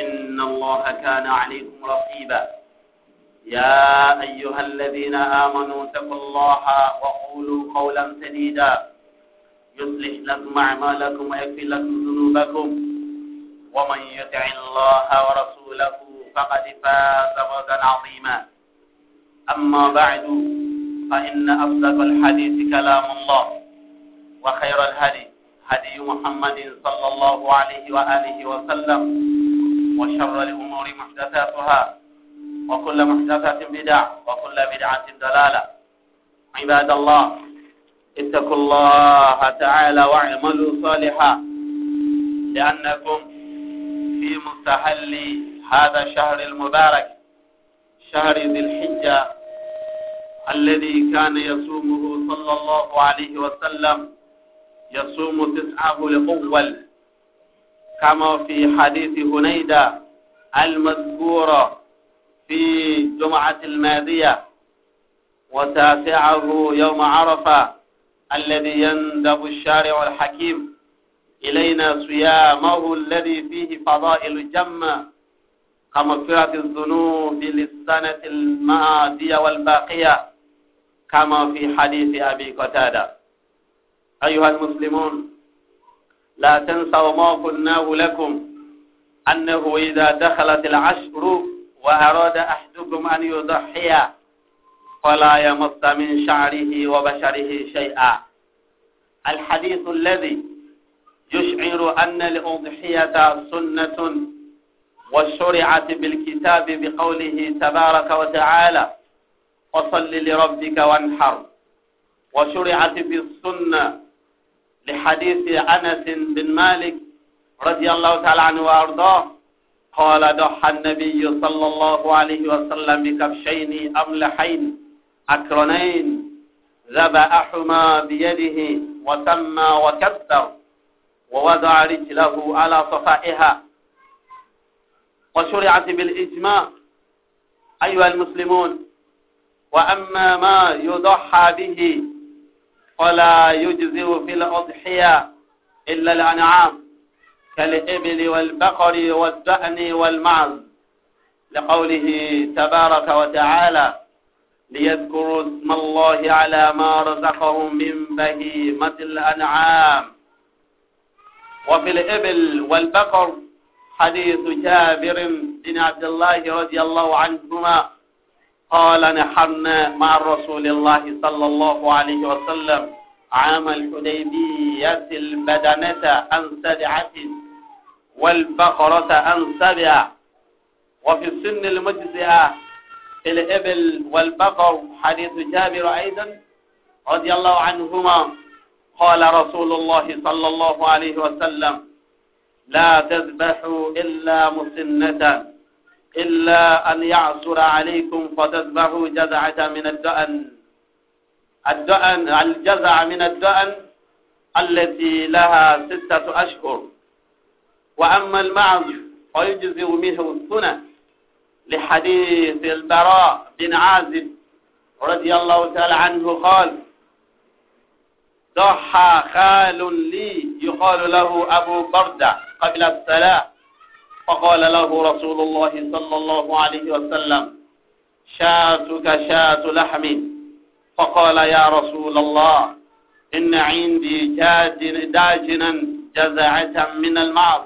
إن الله كان عليكم رقيبا يا أيها الذين آمنوا اتقوا الله وقولوا قولا سديدا يصلح لكم أعمالكم ويكفر لكم ذنوبكم ومن يطع الله ورسوله فقد فاز فوزا عظيما أما بعد فإن أصدق الحديث كلام الله وخير الهدي هدي محمد صلى الله عليه وآله وسلم وشر الأمور محدثاتها وكل محدثة بدع وكل بدعة دلالة عباد الله اتقوا الله تعالى واعملوا صالحا لأنكم في مستحل هذا الشهر المبارك شهر ذي الحجة الذي كان يصومه صلى الله عليه وسلم يصوم تسعه الأول كما في حديث هنيدة المذكورة في جمعة الماضية وتاسعه يوم عرفة الذي يندب الشارع الحكيم إلينا صيامه الذي فيه فضائل جمة كمغفرة الذنوب للسنة الماضية والباقية كما في حديث أبي قتادة أيها المسلمون لا تنسوا ما قلناه لكم أنه إذا دخلت العشر وأراد أحدكم أن يضحي فلا يمص من شعره وبشره شيئا الحديث الذي يشعر أن الأضحية سنة وشرعت بالكتاب بقوله تبارك وتعالى وصل لربك وانحر وشرعت في السنة لحديث أنس بن مالك رضي الله تعالى عنه وأرضاه قال ضحى النبي صلى الله عليه وسلم بكبشين أملحين أكرنين ذبحهما بيده وسمى وكبر ووضع رجله على صفائها وشرعت بالإجماع أيها المسلمون وأما ما يضحى به ولا يجزئ في الأضحية إلا الأنعام كالإبل والبقر والدأن والمعز لقوله تبارك وتعالى ليذكروا اسم الله على ما رزقهم من بهيمة الأنعام وفي الإبل والبقر حديث جابر بن عبد الله رضي الله عنهما قال نحرنا مع رسول الله صلى الله عليه وسلم عام الحديبية البدنة أن سبعة والبقرة أن سبعة وفي السن المجزئة في الإبل والبقر حديث جابر أيضا رضي الله عنهما قال رسول الله صلى الله عليه وسلم لا تذبحوا إلا مسنة إلا أن يعثر عليكم فتذبحوا جزعة من الدأن الدأن الجزع من الدأن التي لها ستة أشهر وأما المعز فيجزئ منه السنة لحديث البراء بن عازب رضي الله تعالى عنه قال ضحى خال لي يقال له أبو بردة قبل الصلاة فقال له رسول الله صلى الله عليه وسلم شاتك شات لحم فقال يا رسول الله إن عندي داجنا جزعة من المعص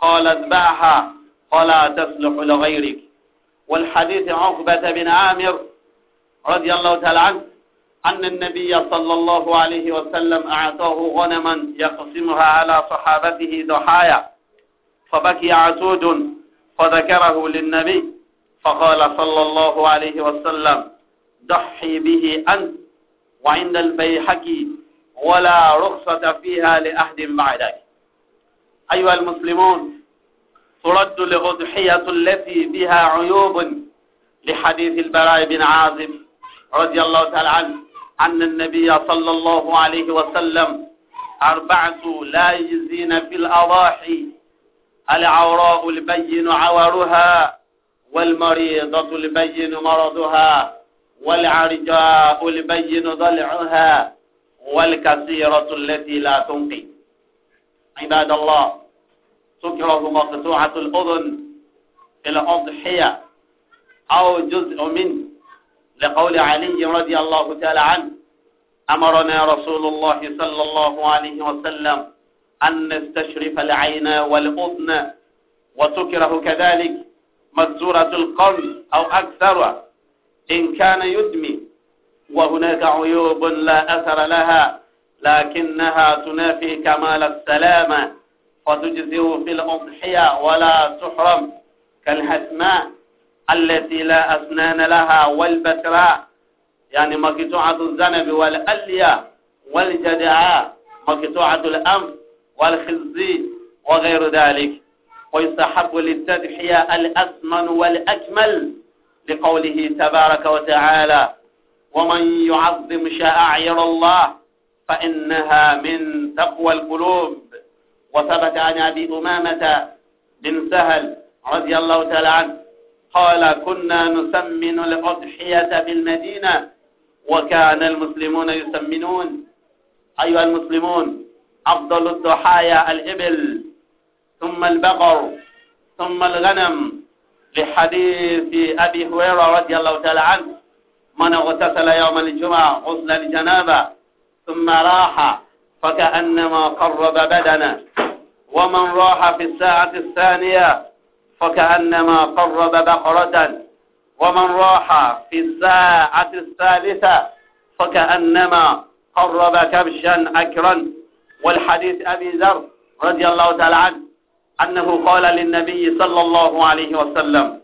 قال اذبحها ولا تصلح لغيرك والحديث عقبة بن عامر رضي الله تعالى عنه أن النبي صلى الله عليه وسلم أعطاه غنما يقسمها على صحابته ضحايا فبكي عسود فذكره للنبي فقال صلى الله عليه وسلم ضحي به أنت وعند البيحكي ولا رخصة فيها لأحد بعدك أيها المسلمون ترد لغضحية التي بها عيوب لحديث البراء بن عازب رضي الله تعالى عنه أن النبي صلى الله عليه وسلم أربعة لا يزين في الأضاحي العوراء البين عورها والمريضة البين مرضها والعرجاء البين ضلعها والكثيرة التي لا تنقي عباد الله سكره مقطوعة الأذن في الأضحية أو جزء منه لقول علي رضي الله تعالى عنه أمرنا رسول الله صلى الله عليه وسلم أن نستشرف العين والأذن وتكره كذلك مزورة القلب أو أكثرها إن كان يدمي وهناك عيوب لا أثر لها لكنها تنافي كمال السلامة وتجزي في الأضحية ولا تحرم كالحسماء التي لا أسنان لها والبتراء يعني مقطوعة الزنب والألية والجدعاء مقطوعة الأنف والخزي وغير ذلك ويستحب للتضحية الأثمن والأكمل لقوله تبارك وتعالى ومن يعظم شعائر الله فإنها من تقوى القلوب وثبت عن أبي أمامة بن سهل رضي الله تعالى عنه قال كنا نسمن الأضحية بالمدينة وكان المسلمون يسمنون أيها المسلمون أفضل الضحايا الإبل ثم البقر ثم الغنم لحديث أبي هريرة رضي الله تعالى عنه من اغتسل يوم الجمعة غسل الجنابة ثم راح فكأنما قرب بدنه ومن راح في الساعة الثانية فكأنما قرب بقرة ومن راح في الساعة الثالثة فكأنما قرب كبشا أكرا والحديث أبي ذر رضي الله تعالى عنه أنه قال للنبي صلى الله عليه وسلم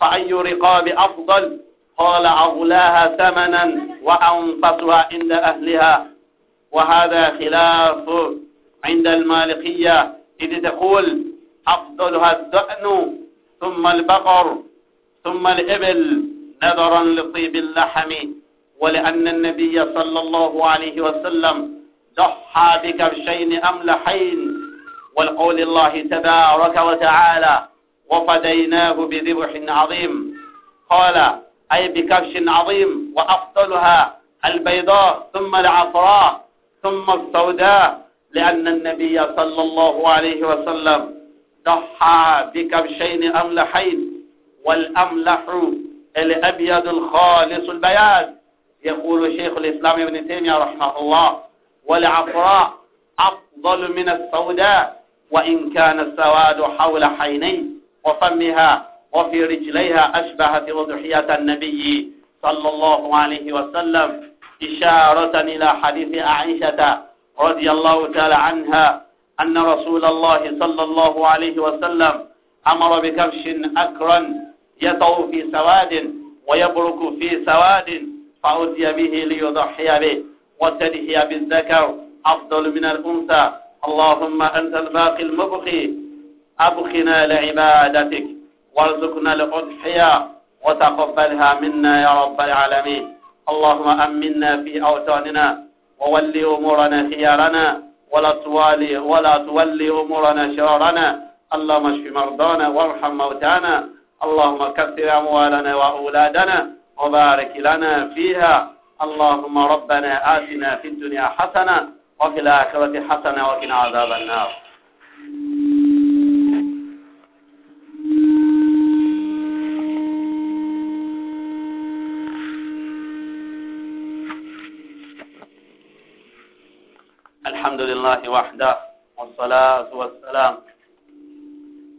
فأي رقاب أفضل قال أغلاها ثمنا وأنفسها عند أهلها وهذا خلاف عند المالكية إذ تقول أفضلها الدأن ثم البقر ثم الإبل نظرا لطيب اللحم ولأن النبي صلى الله عليه وسلم ضحى بكرشين أملحين والقول الله تبارك وتعالى وفديناه بذبح عظيم قال أي بكرش عظيم وأفضلها البيضاء ثم العفراء ثم السوداء لأن النبي صلى الله عليه وسلم ضحى بكبشين أملحين والأملح الأبيض الخالص البياض يقول شيخ الإسلام ابن تيمية رحمه الله والعفراء أفضل من السوداء وإن كان السواد حول حينيه وفمها وفي رجليها أشبهت وضحية النبي صلى الله عليه وسلم إشارة إلى حديث عائشة رضي الله تعالى عنها أن رسول الله صلى الله عليه وسلم أمر بكبش أكرا يطو في سواد ويبرك في سواد فأتي به ليضحي به والتدعية بالذكر أفضل من الأنثى اللهم أنت الباقي المبقي أبقنا لعبادتك وارزقنا الأضحية وتقبلها منا يا رب العالمين اللهم أمنا في أوطاننا وولي أمورنا خيارنا ولا تولي ولا تولي أمورنا شرارنا اللهم اشف مرضانا وارحم موتانا اللهم كثر أموالنا وأولادنا وبارك لنا فيها اللهم ربنا آتنا في الدنيا حسنة وفي الآخرة حسنة وقنا عذاب النار الحمد لله وحده والصلاة والسلام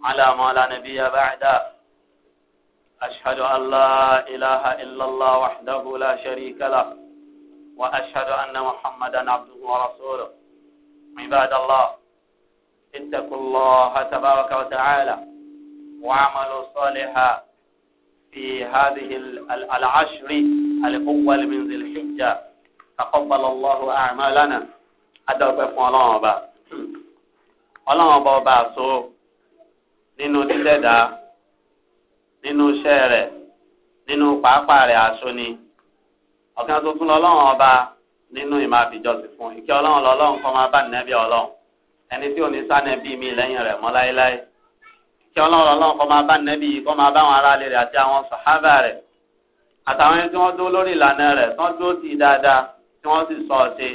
على ما لا نبي بعده أشهد أن لا إله إلا الله وحده لا شريك له وأشهد أن محمدا عبده ورسوله عباد الله اتقوا الله تبارك وتعالى وعملوا صالحا في هذه العشر الأول من ذي الحجة تقبل الله أعمالنا أدرك فلان أبا فلان أبا باسو nínú nínú iṣẹ́ rẹ̀ nínú pàápàá rẹ̀ aṣọ ni ọ̀kan tó tún lọ́lọ́run ọba nínú ìmọ̀ àfijọ́sìn fún ìkẹ́ ọlọ́run lọ́lọ́run kọ́ máa bá nẹ́bí ọlọ́run ẹni tí ò ní sánẹ́bí mi lẹ́yìn rẹ̀ mọ́ láéláé ìkẹ́ ọlọ́run lọ́lọ́run kọ́ máa bá nẹ́bí yìí kọ́ máa bá àwọn aráalé rẹ̀ àti àwọn sàhábà rẹ̀ àtàwọn ẹni tí wọ́n dúró lórí ìlànà rẹ̀ tí wọ́n dúró tì í dáadáa tí wọ́n sì sọ ọ̀ṣẹ́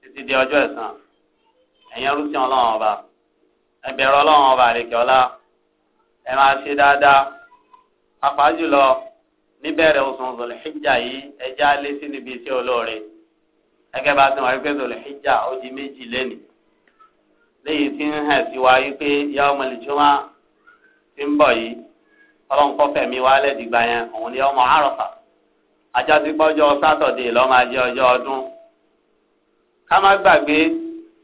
títí di ọjọ́ ẹ̀san ẹ̀yin ẹrúsìn ọba ẹgbẹ̀rún ọlọ́run ọba àríkẹ́ ẹ máa ṣe dáadáa apájùlọ níbẹ̀rẹ̀ oṣù zòlìhíjà yìí ẹja lé sí níbi iṣẹ́ olóore gẹ́gẹ́ bá ti wọ́n rí pé zòlìhíjà ó di méjì lẹ́nu léyìí tí ń hàn sí wa yìí pé yaumul juma ti ń bọ̀ yìí ọlọ́run kọ́fẹ́ mi wá lẹ́dìgbà yẹn òun ni ọmọ àròfà ajá ti gbọ́jọ́ sátọ̀dé lọ́ máa ọjọ́ ọdún ká má gbàgbé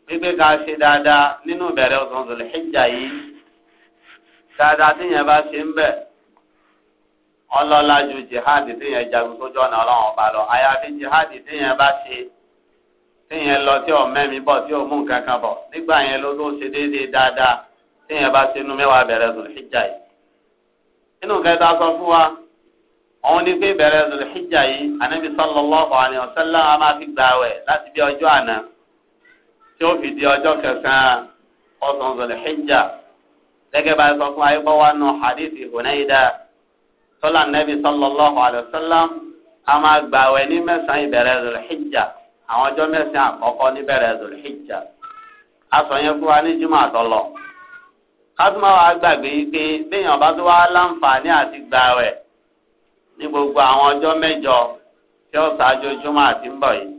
gbígbé ká ṣe dáadáa nínú ìbẹ̀rẹ̀ oṣù zòlìhíjà yìí dáadáa ọlọ́lá ju jihadi téèyàn jagun tó jọ́nà ọlọ́run ọba lọ àyàfi jihadi téèyàn bá ṣe téèyàn lọ tí ò mẹ́mi bọ̀ tí ò mú nǹkan kan bọ̀ nígbà yẹn ló tó ṣe déédéé dáadáa téèyàn bá ṣe inú mẹ́wàá bẹ̀rẹ̀ zùlùhíjà yìí. inú kẹta sọ fún wa òun ni pé bẹ̀rẹ̀ zùlùhíjà yìí ànábi sallallahu alaihi wasallam a máa fi gbààwẹ̀ láti bí ọjọ́ àná tí ó fi di ọjọ́ kẹsàn-án ọ̀sán zùlùhíjà gẹ́gẹ́ bá a sọ fún ayé bọ́wá nù hadith Hunayda tọ́lá nẹ́bí sallallahu alaihi wasallam a máa gbààwẹ̀ ní mẹ́sàn-án ìbẹ̀rẹ̀ zulhijja àwọn ọjọ́ mẹ́sàn-án àkọ́kọ́ níbẹ̀rẹ̀ zulhijja a sọ yẹn fún wa ní jùmọ̀ àtọ́lọ̀ kátùmá wa gbàgbé pé béèyàn bá tó wá láǹfààní àti gbààwẹ̀ ní gbogbo àwọn ọjọ́ mẹ́jọ tí ó ṣáájú jùmọ̀ àti ń bọ̀ yìí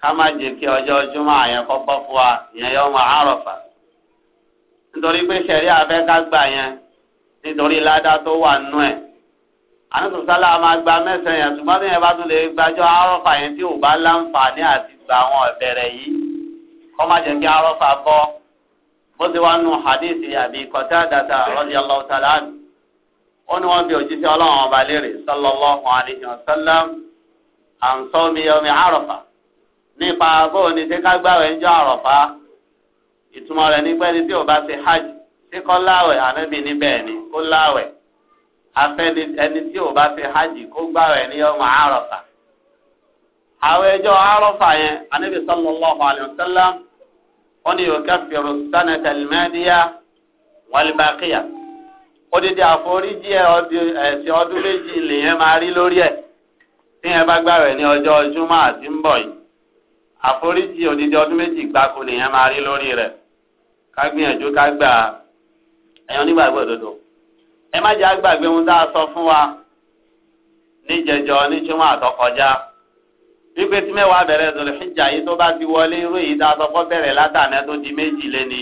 ká má jẹ́ kí ọjọ́ jùmọ̀ àyẹn kọ́kọ́ fún wa ìyẹn yọ ọmọ àrọ̀fà nítorí pé sẹ̀rí abẹ́ ká gbà yẹn nítorí ládá tó wà nú ẹ̀ ànátòsálà máa gba mẹ́sàn-án yẹn ṣùgbọ́n bí yẹn bá tún lè gbàjọ́ arọ́fà yẹn tí ò bá láǹfààní àti gba àwọn ọ̀bẹ̀rẹ̀ yìí kọ́ má jẹ́ kí arọ́fà bọ́ bó ti wá nu hadith àbí Qatada radiyallahu ta'ala anhu ó ní wọ́n bí òjíṣẹ́ ọlọ́run ọba léèrè sallallahu alayhi wa sallam an sawmi yawmi arọ́fà nípa bóun ni ṣé ká ń jọ arọ́fà ìtumọ̀ rẹ̀ nígbẹ́ni tí ò bá ti hajj ṣé kọ́ láwẹ̀ ànábì níbẹ̀ ni kó láwẹ̀ afẹ́ni ẹni tí ò bá fi hajj kó gbàrọ̀ ẹ̀ ní ọmọ àròfà. àwọn ẹjọ́ àròfà yẹn anábì sallallahu alayhi wa sallam wọ́n ní yukaffiru sanata al-madiya wal-baqiya. odidi àforíjì ẹ̀sìn ọdún méjì lèyẹn máa rí lórí ẹ̀ tí yẹn bá gbàrọ̀ ẹ̀ ní ọjọ́ júmọ́ àti ń bọ̀ yìí. àforíjì odidi ọdún méjì gbáko lèyẹn máa rí lórí rẹ̀ ká gbìyànjú ká nígbàgbọ́ òdodo. ẹ má jẹ́ àgbàgbé ohun tá a sọ fún wa níjẹjọ níjúmọ́ àtọkọjá wípé tí mẹ́wàá bẹ̀rẹ̀ yìí tó bá ti wọlé irú èyí tá a sọ fọ́ bẹ̀rẹ̀ látàná tó di méjì lẹ́ni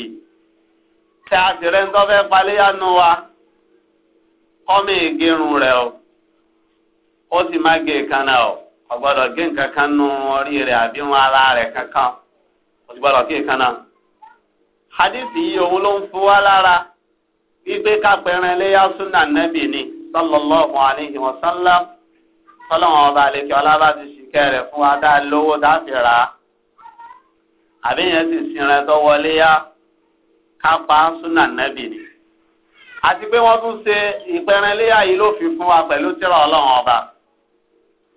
tí a sì rẹ́ ń tọ́ fẹ́ wa rẹ̀ o ó sì má gé o ọ̀gbọ́dọ̀ gé nǹkan kan nu orí rẹ̀ ara rẹ̀ kankan O gbọ́dọ̀ gé ìkànnà. hadith yìí òun ló ń fún wa ipe kápẹ́rẹ́ léyà súnà nẹ́bì ni sallallahu alayhi wa sallam sọlọ́wọ́n ọba àlekè ọlábà ti ṣìkẹ́ rẹ̀ fún wa dá lówó dáfi rà á àbíyẹn sì sinrin tó wọlé yá kápá súnà nẹ́bì ni àti pé wọ́n tún ṣe ìpẹ́rẹ́ léyà yìí ló fi fún wa pẹ̀lú tíra ọlọ́wọ́n ọba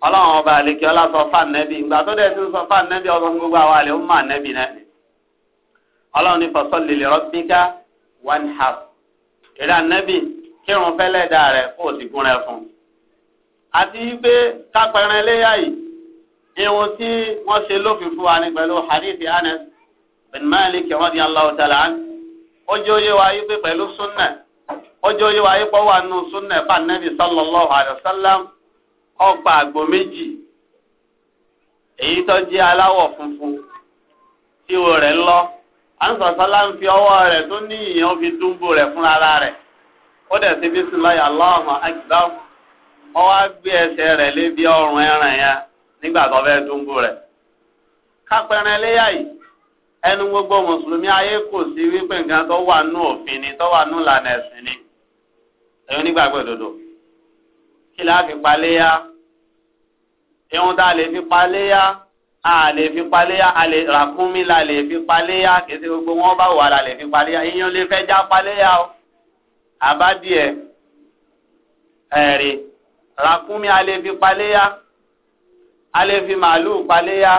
ọlọ́run ọba àlekè ọlá sọ fáà nẹ́bí ìgbà tó dẹ̀ tún sọ fáà nẹ́bí ọgbọ́n gbogbo eré ànábì kírun fẹ́lẹ́ dà rẹ̀ kó o sì gún rẹ̀ fún un. àti pé kápẹ́rẹ́ iléyà yìí irun tí wọ́n ṣe lófin fún wa ní pẹ̀lú hadithi Anas bin Malik radiyallahu ta'ala an ó wa yìí pé pẹ̀lú súnnà ojú jẹ́ wa yìí funfun tí o rẹ̀ ansasala ń fi ọwọ́ rẹ̀ tó ní ìyẹn fi rẹ̀ fún ara rẹ̀ ó dẹ̀ gbé ẹsẹ̀ rẹ̀ ọrùn ẹran yẹn nígbà tó fẹ́ rẹ̀ gbogbo mùsùlùmí ayé kò sí wípé nǹkan tó wà nù òfin ni tó wà nù lànà ẹ̀sìn ni a lè fi paléyà a lè ràkúnmí la lè fi paléyà kèsì gbogbo wọn bá wà la lè fi paléyà iyán lè fẹ́ já paléyà o àbádìẹ ẹ̀rí ràkúnmí a lè fi paléyà a lè fi màálù paléyà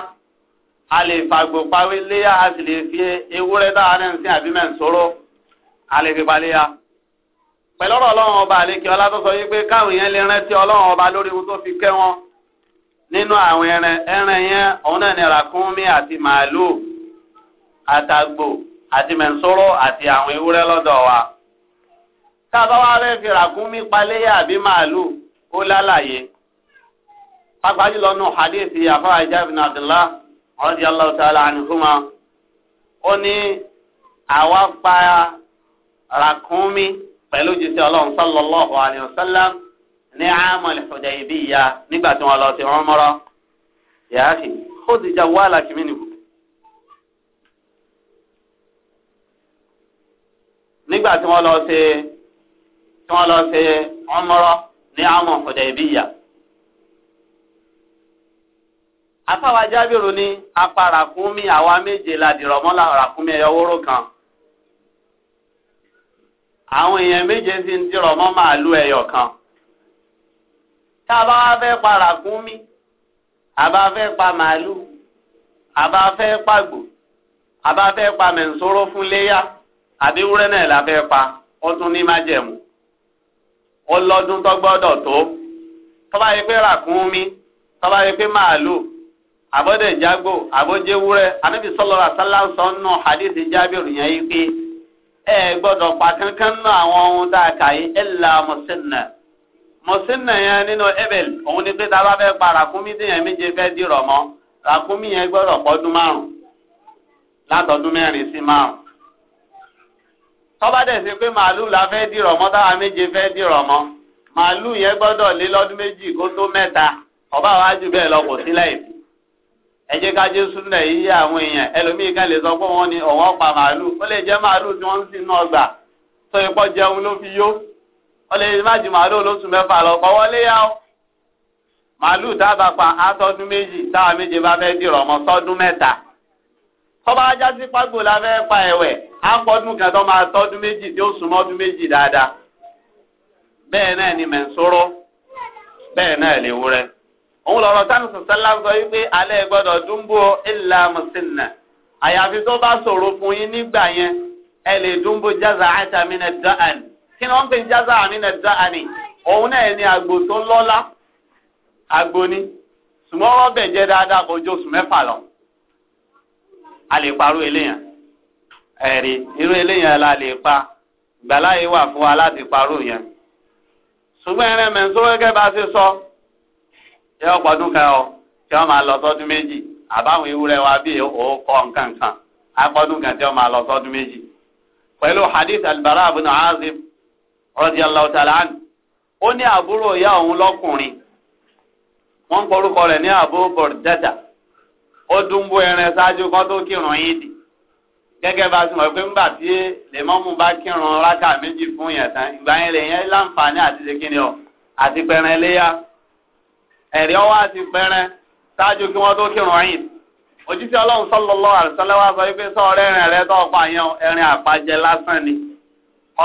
a lè fàgbò paléyà a sì lè fi ewúrẹ́ dáhà náà sí àbí mẹ́ǹsọ́rọ́ a fi paléyà pẹ̀lú ọ̀rọ̀ ọlọ́run ọba àlekè ọlá tó sọ yí pé káwọn yẹn lè rántí ọlọ́run ọba lórí ohun tó fi kẹ́ wọn. nínú àwọn ẹran ẹran yẹn òun náà ràkúnmí àti màálù àtàgbò àti mẹ̀nsóró àti àwọn ewúrẹ́ lọ́dọ̀ wa tá a fẹ́ fi ràkúnmí paléyà àbí màálù ó lálàyé pàápàá jùlọ nù hadith àfọwọ́ Jabir bin Abdullah radiyallahu ta'ala ó ní àwa pa ràkúnmí pẹ̀lú ọlọ́run ní àmọ̀lì Hudaybiyah nígbà tí wọ́n lọ sí ó ti jà nígbà tí wọ́n lọ sí tí wọ́n lọ sí ní àmọ̀ Hudaybiyah. afáwa jábìrù ní apá ràkúnmí àwa méje la dìrọ̀mọ́lá ràkúnmí ẹ̀yọ́wóró kan àwọn èèyàn méje sì ń dìrọ̀mọ́ màálù ẹ̀yọ̀ kan. tá a bá wá fẹ́ pa ràkúnmí àbá fẹ́ pa màálù àbá fẹ́ pàgbò àbá fẹ́ pa mẹ̀nsóró fún léyà àbí wúrẹ́ náà la fẹ́ pa ó tún ní májẹ̀mú ó lọ́dún tó gbọ́dọ̀ tó tó bá yẹ pé ràkúnmí tó bá pé màálù àbọ̀dẹ̀ jágbó àbójẹ́wúrẹ́ anábì sọlọ́ra sálásán nù hadith jábìrì yẹn yí pé ẹ gbọ́dọ̀ pa kankan nù àwọn ohun tá a kà yí ẹ̀ là mọ̀sẹ́nà mọ̀sínà yẹn nínú ebel òun ni pé tá a bá fẹ́ pa ràkúnmí tí yẹn méje fẹ́ dìrọ̀ mọ́ ràkúnmí yẹn gbọ́dọ̀ pọ́dún márùn látọdún mẹ́rin sí márùn. tọ́ba dẹ̀ ṣe pé màálù la fẹ́ dìrọ̀ mọ́ táwa méje fẹ́ dìrọ̀ mọ́ màálù yẹn gbọ́dọ̀ lé lọ́dún méjì kó tó mẹ́ta ọba wa jù bẹ́ẹ̀ lọ kò sílẹ̀ yìí. ẹ jẹ́ ká jésù nà yí àwọn èèyàn ẹlòmíì kan lè sọ pé wọ́n ni òun ọ̀pá màálù ó lè jẹ́ màálù tí wọ́n ń sìn náà gbà tó ipọ́ jẹun ló fi yó ọlẹ́ má ju màálù olóṣù mẹ́fà lọ kọ́ wọlé yá o màálù dábàá pa àtọ́dún méjì táwa méje bá fẹ́ dìrọ̀ ọmọ sọ́dún mẹ́ta tọ́ba ajá sí pàgbò la fẹ́ pa ẹ̀wẹ̀ àpọ̀dún kan tó máa tọ́dún méjì tí ó súnmọ́ ọdún méjì dáadáa bẹ́ẹ̀ náà ni mẹ̀nsóró bẹ́ẹ̀ náà lè wúrẹ́ òun lọ̀rọ̀ táwọn sọ̀tẹ́ lágbọ́ wípé alẹ́ gbọ́dọ̀ dúnbò ìlà mùsùlùmí àyàfi tó bá ṣòro fún yín nígbà yẹn ẹ lè dúnbò jáza àtàmínà dáhàn kí ni wọ́n ń pè ní jáza àní nàìjíríà àní òun náà ni àgbò tó lọ́lá àgbò ni sùmọ́rọ́ bẹ̀ jẹ́ dáadáa kò jó sùn mẹ́fà lọ a lè parú eléyàn ẹ̀rí irú eléyàn la lè pa gbàláyé wà fún wa láti parú yẹn ṣùgbọ́n ẹrẹ́ mẹ́sọ́ gẹ́gẹ́ bá ṣe sọ yẹ ọ̀pọ̀dún kan ọ tí wọ́n máa lọ sọ́dún méjì àbáwọn ewúrẹ́ wa bíi òkọ nǹkan kan apọ́dún kan tí wọ́n máa lọ sọ́dún méjì pẹ̀lú hadith al-Bara ibn Azib radiyallahu ta'ala anhu ó ní àbúrò ìyá òun lọ́kùnrin wọ́n ń porúkọ rẹ̀ ní Abu Burdata ó dúnbó ẹran ṣáájú kan tó kírun yín dì gẹ́gẹ́ bá a ti pé ńgbà tí lèmọ́mù bá kírun rákà méjì fún yẹn tán ìgbà yẹn lè yẹn láǹfààní àti ṣe ọ àti pẹ̀rẹ̀ léyà ẹ̀rí ọwọ́ àti pẹ̀rẹ̀ ṣáájú kí wọ́n tó kírun yín ọlọ́run sọ wípé sọ rẹ tó ẹ̀rìn àpàjẹ lásán ni.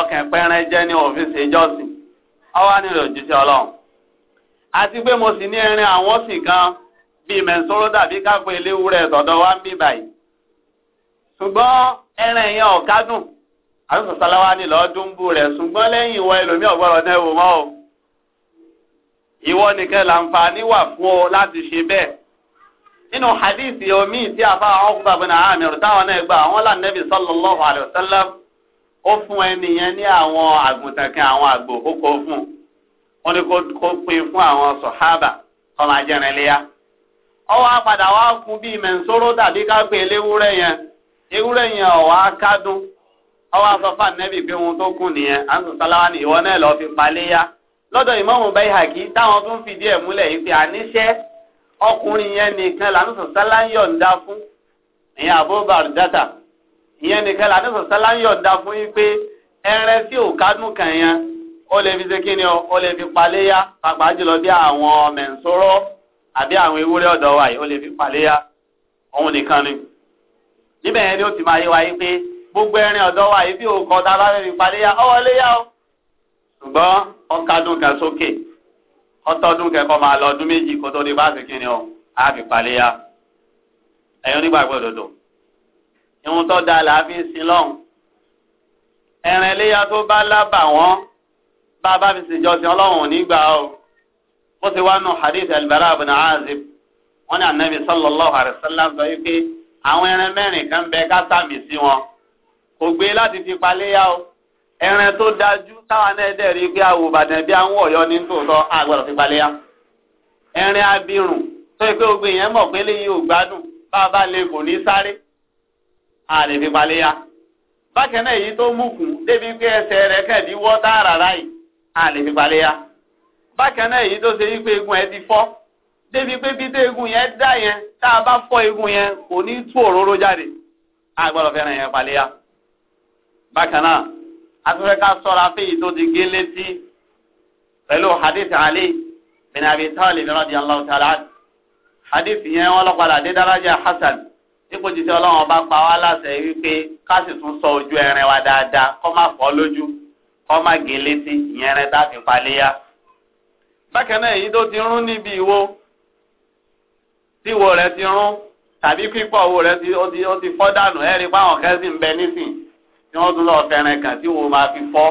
ọkàn pẹ́rẹ́ jẹ́ ní ọ̀fíìsì ìjọsìn ọwọ́ nílò òjíṣẹ́ ọlọ́run àti pé mo sì ní irin àwọn sì kan bíi mẹ́sọ́rọ́ dàbí káfọ́ eléwúrẹ́ tọ̀dọ̀ wá ń bí báyìí ṣùgbọ́n ẹran yẹn ọ̀kadùn àtúntò sáláwá ní lọ́ọ́dúnbù rẹ̀ ṣùgbọ́n lẹ́yìn ìwọ ẹlòmíì ọ̀gbọ́rọ̀ náà wò mọ́ o ìwọ nìkan làǹfààní wà fún ọ láti ṣe bẹ́ẹ̀ nínú hadith omi tí a fa àwọn ọkùnrin àmì rẹ̀ táwọn náà gbà àwọn làǹdẹ́bì sallallahu alaihi wasallam ó fún ẹnìyẹn ní àwọn awon kan àwọn àgbò ó kó fún wọn ni kó pín fún àwọn sọ̀hábà kọ́ máa jẹrin léyà ọwọ́ apàdà wa fún bíi mẹ̀nsóró tàbí ká pé léwúrẹ́ yẹn ewúrẹ́ yẹn ọ̀wá kádùn ọwọ́ asọ́fà nẹ́bì pé ohun tó kù nìyẹn ni ìwọ náà lọ́ọ́ fi paléyà lọ́dọ̀ ìmọ̀ọ́mù Bayhaqi táwọn tó ń fìdí ẹ̀ múlẹ̀ yìí ọkùnrin yẹn nìkan ń yọ̀ǹda fún ìyẹn nìkan làdé sọ̀sálà ń yọ̀ǹda fún yín pé ẹrẹ tí ò kádùn kàn yẹn ó lè fi ṣe kí ni ọ ó lè fi paléyà pàápàá jùlọ bí àwọn mẹ̀ǹsọ́rọ́ àbí àwọn ewúrẹ́ ọ̀dọ́ wa yìí ó lè fi paléyà òun nìkan ni. níbẹ̀ yẹn ni ó ti máa yé wa yìí pé gbogbo ẹrin ọ̀dọ́ wa yìí bí òun kọ́ ta bá fẹ́ fi paléyà ọwọ́ léyà o. ṣùgbọ́n ọkadùn kan sókè ọtọ́dún kẹ́kọ̀ọ́ máa lọ ọdún méjì kó tó di bá ṣe kí ni ọ á fi paléyà ẹ̀yọ́ nígbàgbọ́ òdòdó ìhun tó da là á fi ń sin lọ́hùn. ẹ̀rìn iléyà tó bá lábà wọ́n bá a bá fi ṣèjọsìn ọlọ́run nígbà o. bó ti wá nù hadith al-Bara ibn Azib wọ́n ní anabi sallallahu alayhi wa sallam sọ wípé àwọn ẹran mẹ́rin kan bẹ ká sàmì sí wọn. kò gbé láti fi paléyà o. ẹran tó dájú táwa náà dẹ̀ rí pé àwọn òbàdàn bí àwọn ọ̀yọ́ ní tòótọ́ àgbàdo fi paléyà. ẹran abirùn tó yẹ pé ogun yẹn mọ̀ pé léyìí ò bá a bá lè kò ní sáré a lè fi palẹ̀ ya bákan náà èyí tó mú kùn débi pé ẹsẹ̀ rẹ̀ kẹ̀dí wọ́ tààrà ráì a lè fi palẹ̀ ya bákan náà èyí tó ṣe wípé egun ẹ ti fọ́ débi pé bí egun yẹn dá yẹn tá a bá fọ́ egun yẹn kò ní tú òróró jáde a fẹ́ràn yẹn palẹ̀ ya bákan náà afẹ́fẹ́ ká sọ́ra fún èyí tó ti gé létí pẹ̀lú hadith Ali bin Abi Talib radiyallahu ta'ala hadith yẹn wọ́n lọ padà dé daraja Hasan dípò jíjẹ ọlọ́run ọba pa wá láṣẹ wípé ká sì tún ṣọ́ ojú ẹran wa dáadáa kó má fọ́ lójú kó má gé létí ìyẹn rẹ tá a fi paléyà. bákan náà èyí tó ti rún níbi ìwo tí ìwo rẹ ti rún tàbí pípọ̀ owó rẹ ó ti fọ́ dànù ẹ̀rí páwọn kẹ́sì ń bẹ nísìn tí wọ́n tún lọ́ọ́ fẹ́ràn kàn tí wo máa fi fọ́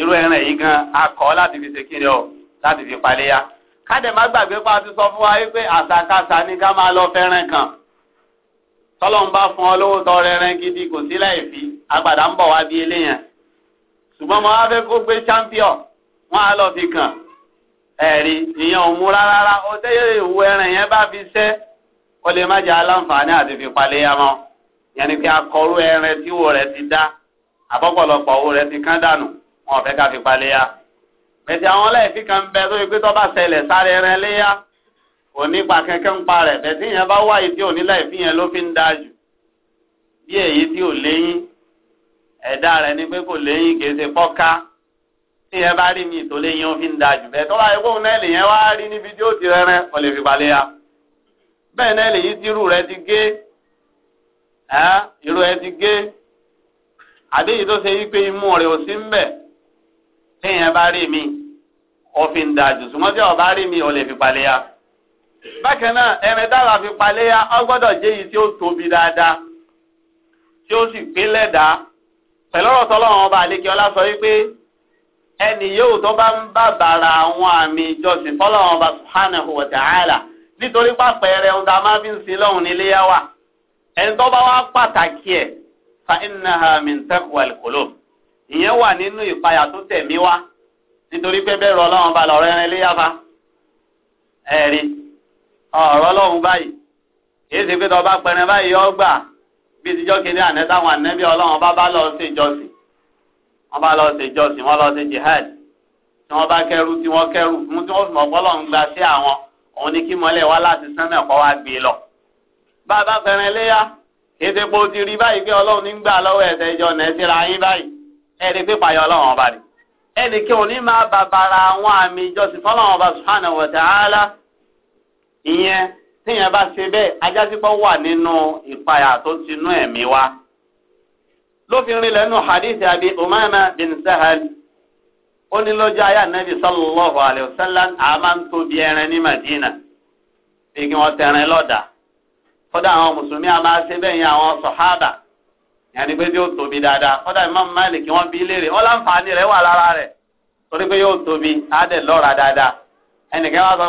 irú ẹran yìí gan akọ láti fi ṣe kíni ọ láti fi paléyà. ká dẹ̀ má gbàgbé pa ti sọ fún wa wípé àṣàkáṣà ni ká máa lọ fẹ́ràn kàn tọ́lọ́n bá fún ọ lówó tọ rẹrẹn gidi kò sí láì fi agbada ń bọ̀ wá bí eléyẹn ṣùgbọ́n mo wá fẹ́ kó gbé champion wọ́n á lọ fi kàn ẹ̀rí ìyẹn ò mú rárá ó tẹ́yẹ ìwú ẹran yẹn bá fi ṣẹ́ kó lè má jẹ́ aláǹfààní àti fi palẹ̀ yá mọ́ yẹn ni pé akọrú ẹran tí wo rẹ̀ ti dá àbọ̀pọ̀lọpọ̀ owó rẹ̀ ti kán dànù wọn ò fẹ́ ká fi pèsè àwọn láì fi bẹ tó fi pé tó bá ṣẹlẹ̀ sáré ẹran léyà kò nípa kẹ́kẹ́ ń pa rẹ̀ bẹ́ẹ̀ tí ìyẹn bá wá ìdí ònílà ìfín yẹn ló fi ń dáa jù bí èyí tí ò léyìn ẹ̀dá rẹ̀ ni pé kò léyìn kì í ṣe pọ́ká tí ìyẹn bá rí mi tó léyìn ó fi ń dáa jù bẹ́ẹ̀ tó bá yẹ kóun náà lèyẹn wá rí níbi tí ó ti rẹ́rẹ́ kò lè fi balẹ̀ ya bẹ́ẹ̀ náà lèyí tí irú rẹ̀ ti gé irú ẹ ti gé àbí èyí tó ṣe yí pé imú rẹ̀ ò sí ń bẹ̀ tí ìyẹn bá rí mi ó fi ń dáa jù ṣùgbọ́n tí ọ̀ bá rí mi ò lè fi balẹ̀ ya. bákan náà ẹ̀rẹ̀ dára fi paléyà ọgbọ́dọ̀ jẹ́ èyí tí ó tóbi dáadáa tí ó sì pé lẹ́dàá pẹ̀lú ọ̀rọ̀ tọ́lọ́run ọba àlekí sọ wípé ẹnì yóò tó bá ń bàbàrà àwọn àmì ìjọsìn fọlọ́run ọba subhanahu wa ta'ala nítorí pàpẹ́ẹ́rẹ́ ohun tá a máa fi ń sin lọ́hùn wà ẹni tó bá wá pàtàkì ẹ̀ fa innaha min taqwal qulub ìyẹn ọ̀rọ̀ ọlọ́run báyìí èyí ti pé tó bá pẹrẹ báyìí yọ gbà bí tíjọ́ kìíní àná táwọn ànẹ́bí ọlọ́run bá bá lọ sí ìjọsìn wọ́n bá lọ sí ìjọsìn wọ́n lọ sí jihad tí wọ́n bá kẹrù tí wọ́n kẹrù fún tí wọ́n fi mọ̀pọ́ lọ́run gba sí àwọn òun ni kí mọ́lẹ̀ wá láti sánmẹ̀ kọ́ wá gbé lọ. bá a bá pẹrẹ léyà èyí ti pé o ti rí báyìí pé ọlọ́run ní gbà lọ́wọ́ ẹ̀sẹ̀ ìjọ nẹ́sìrà yín báyìí ẹ̀ẹ́dì pípa yọ ọlọ́run ọba ni ẹnì kí òní máa bàbàrà àwọn àmì ìjọsìn fọlọ́run ọba subhanahu wa ta'ala ìyẹn tíyẹn bá ṣe bẹ́ẹ̀ ajásípọ̀ wà nínú ìpayà tó ti nú ẹ̀mí wa. lófin rinlẹ̀ nù hadith abi umama bin sahal ó ayé anabi sallallahu alayhi wa sallam àmà ń tóbi ẹran ní madina bí kí wọ́n lọ́dà kódà àwọn mùsùlùmí àmà ṣe bẹ́ẹ̀ yẹn àwọn sọ̀hábà yàní pé tóbi dáadáa kódà Imam Malik bí léèrè láǹfààní wà lára torí pé yóò ẹnìkan wá sọ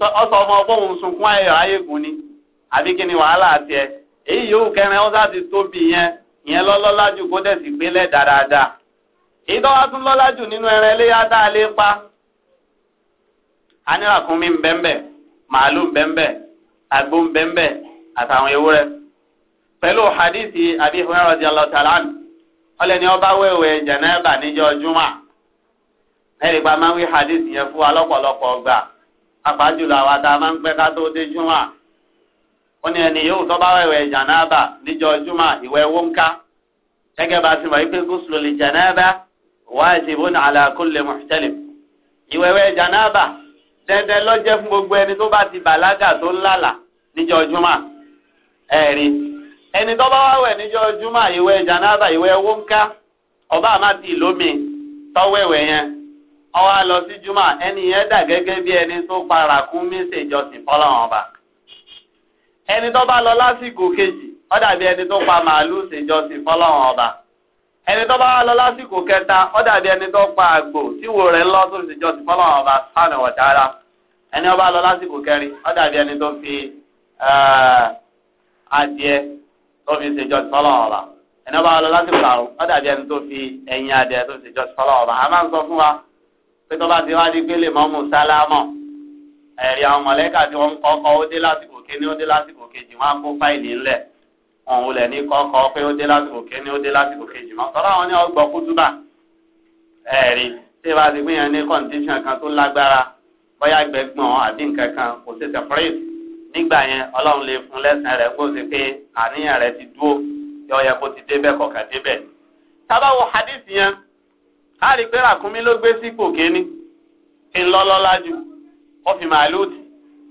pé ọsọ ọmọ ọgbọ́n sunkún ayọ̀ ayégun ni àbí kí ni wàhálà tiẹ̀ èyí yòówù kẹrin ọ̀sà ti tóbi yẹn yẹn lọ́lọ́lá jù kó dẹ̀ sì dáadáa tún lọ́lá jù nínú ẹran eléyà tá a pa bẹ́ńbẹ́ màálù bẹ́ńbẹ́ bẹ́ńbẹ́ àtàwọn ewúrẹ́ pẹ̀lú hadithi ọlẹ́ni ọba wẹ̀wẹ̀ jẹ̀nẹ́bà níjọ́ ẹnì pa máa ń wí hadith yẹn fún wa lọ́pọ̀lọpọ̀ ọgbà àpájùlọ àwa tá a máa ń pẹ́ ká tó dé júmọ̀ ó ní ẹni yóò tó bá wẹ̀wẹ̀ jànáàbà níjọ júmọ̀ ìwẹ̀ wọ́nká gẹ́gẹ́ bá ti mọ̀ wípé gúúsùlù lè jànáàbà wajibun ala kulli muhtalim ìwẹ̀wẹ̀ jànáàbà dẹ́dẹ́ lọ́jẹ́ fún gbogbo ẹni tó bá ti bàlágà tó lálà níjọ júmọ̀ ẹ̀rí ẹni tó wẹ̀wẹ̀ níjọ júmọ̀ ìwẹ̀ jànáàbà ìwẹ̀ wọ́nká ọba àmà ti lómi tọ́wẹ̀wẹ̀ yẹn ọwọ́ á lọ sí juma ẹni yẹn dà gẹ́gẹ́ bí ẹni tó para kún mísè ìjọsìn fọlọ́run ọba ẹni tó bá lọ lásìkò kejì ó dàbí ẹni tó pa màálù ṣèjọsìn fọlọ́run ọba ẹni tó bá lọ lásìkò kẹta ó dàbí ẹni tó pa àgbò tíwo rẹ̀ lọ tó ṣèjọsìn fọlọ́run ọba sánà wọ̀tara ẹni ó bá lọ lásìkò kẹrin ó dàbí ẹni tó fi eh, adìẹ tó fi ṣèjọsìn fọlọ́run ọba ẹni ó bá lọ lásìkò àrùn ó dàbí ẹni tó fi ẹyin adìẹ tó ṣèjọsìn fọlọ́run ọba a máa ń sọ fún wa pé tó bá ti wá di pé lè mọ́ mu sálámọ̀ ẹ̀rí àwọn mọ̀lẹ́kà tí wọ́n ń kọ́kọ́ ó dé lásìkò kíní ó dé lásìkò kejì wọ́n á kó fáìlì ńlẹ̀ wọn ò lẹ̀ ní kọ́kọ́ pé ó dé lásìkò kíní ó dé lásìkò kejì mọ́ tọ́lá wọn ní ọgbọ́ kútúbà ẹ̀rí tí bá ti gbìyànjú ní kọ́ndíṣàn kan tó lágbára bóyá gbẹ̀gbọ̀n àbí nǹkan kan kò sí sẹ́pẹ́rẹ́tì nígbà yẹn ọlọ́run lè fún lẹ́sìn rẹ̀ kó o pé àníyàn rẹ̀ ti dúró yọ yẹ kó ti débẹ̀ kọ̀ọ̀kan débẹ̀. tábàwọ̀ hadith yẹn a rí pé ràkúnmí ló gbé sípò kéní ńlọ́lọ́lá jù ó fi màálù tì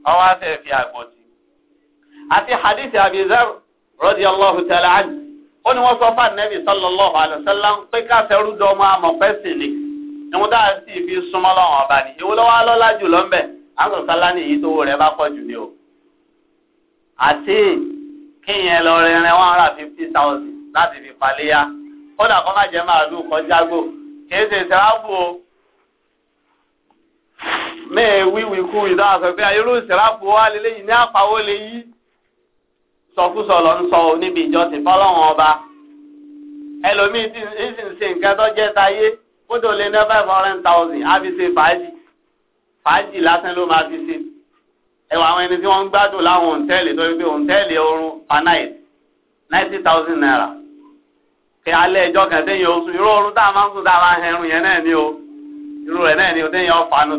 ọwọ́ àfẹ́ fi àgbọ̀ tì. àti hadith abizar radiyallahu ta'ala anhu ó ní wọ́n sọ fún anabi sallallahu alayhi wa sallam pé ká fẹ́rú dọ́mọ amọ̀pẹ́ sì ni ìwọ́n dáa sí ibi súnmọ́ lọ́wọ́ ọba ni ìwọ́n lọ́wọ́ alọ́lá jù lọ́nbẹ̀ àwọn sọ́lá ní èyí tó rẹ̀ bá pọ̀ jù ní o. àti kíyẹn lọ rẹrin one hundred and fifty thousand láti fi paléyà kódà kó má jẹ́ màálù kọjá gbò kìí ṣe ìṣẹ́ráàbù o mẹ́ẹ̀ wíwì kú ìdá àṣọ pé ayé lóun ìṣẹ́ráàbù wa lélẹ́yìn ní àpawó lè yí sọkúsọ lọ ń sọ níbi ìjọsìn fọlọ́wọ́n ọba ẹlòmíì tí ń sì ń táyé kódò lè ní five hundred thousand á fi ṣe fàájì fàájì lásán ló máa fi ṣe ẹwà àwọn ẹni tí wọ́n ń gbádùn láwọn òǹtẹ́ẹ̀lì tó ń gbé òǹtẹ́ẹ̀lì oorun per ninety thousand naira pé alẹ́ ẹjọ́ kan téèyàn irú oorun tá a máa ń sùn tá a máa ń hẹrun yẹn náà ni o irú rẹ̀ náà ni fanu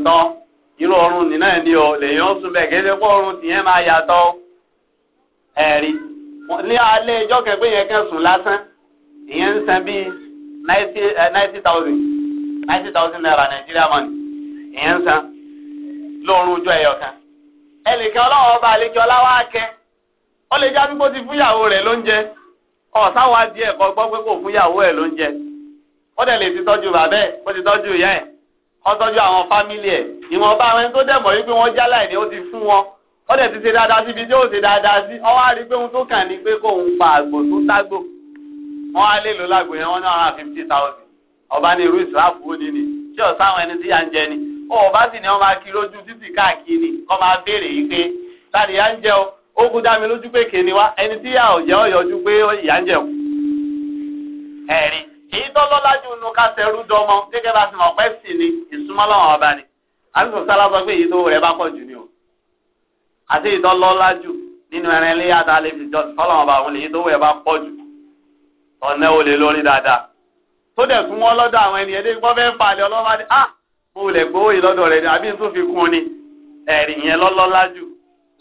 irú oorun ní náà ni o lèyàn ó bẹ́ẹ̀ kéde kó oorun tìyẹn máa yàtọ̀ ẹ̀rí ní alẹ́ ẹjọ́ kan pé yẹn kan sùn lásán ìyẹn ń bíi ninety thousand ninety thousand naira money ìyẹn ń lóorun ojú ẹyọ kan ẹnìkan ọlọ́wọ́ ọba àlejò lè já ọ̀sá wa di ẹ̀kọ́ gbọ́ pé kò fún ìyàwó ẹ̀ lóúnjẹ ó dẹ̀ lè ti tọ́jú bàbá ẹ̀ ó ti tọ́jú ìyá ẹ̀ ó tọ́jú àwọn fámìlì ẹ̀ ìwọ̀nba àwọn ẹni tó dẹ̀ mọ̀ wípé wọ́n jálá ẹ̀ ni ó ti fún wọn ó dẹ̀ ti ṣe dáadáa síbi tí ó ṣe dáadáa sí ọ wá rí pé ohun tó kàn ní pé kò ń pa àgbò tó tágbò wọ́n á lè lò lágbo yẹn wọ́n ní ọ̀ràn fifty thousand ọba ní irú ìsìláàfù ó ní ni tí ọ̀sá àwọn ẹni tí à ń jẹ ni ó kú dá mi lójú pé kéde wá ẹni tí yà ọ̀jẹ́ pé ìyá ń jẹun. ẹ̀rín èyí nu ká dọ́mọ gẹ́gẹ́ bá ti mọ̀ ni ìsúnmọ́ ọba ni àbísọ̀ sálá sọ pé èyí tó rẹ̀ bá pọ̀ jù ni o. àti nínú ẹran ilé yàtọ̀ alẹ́ fi jọ ọba òun èyí tó rẹ̀ bá pọ̀ jù ọ̀nà olè lórí dáadáa. tó dẹ̀ wọn lọ́dọ̀ àwọn ah mo gbowó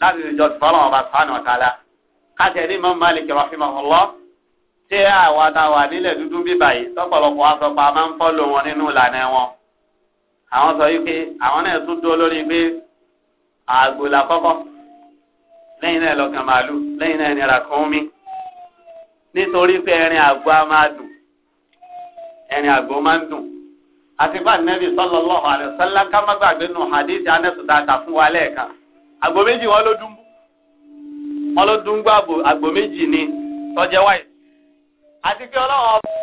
láti ìjọ sọ́lọ́ ọba sánà ọ̀tàlá káṣẹ́ ní mọ́ Malik rahimahullah ṣé àwa ta wà nílẹ̀ dúdú bí báyìí tọ́pọ̀lọpọ̀ asọ́pọ̀ a máa ń fọ́lọ̀ wọn nínú ìlànà wọn. àwọn sọ yìí pé àwọn náà tún dúró lórí pé àgbò là kọ́kọ́ lẹ́yìn náà lọ́kàn màálù lẹ́yìn náà nira kan mí nítorí pé ẹrin àgbò a máa dùn ẹrin àgbò máa ń dùn àti bá nẹ́bí sallallahu àgbò méjì wọn ló dùn wọn ló ni tọjẹ wáyé àti pé ọba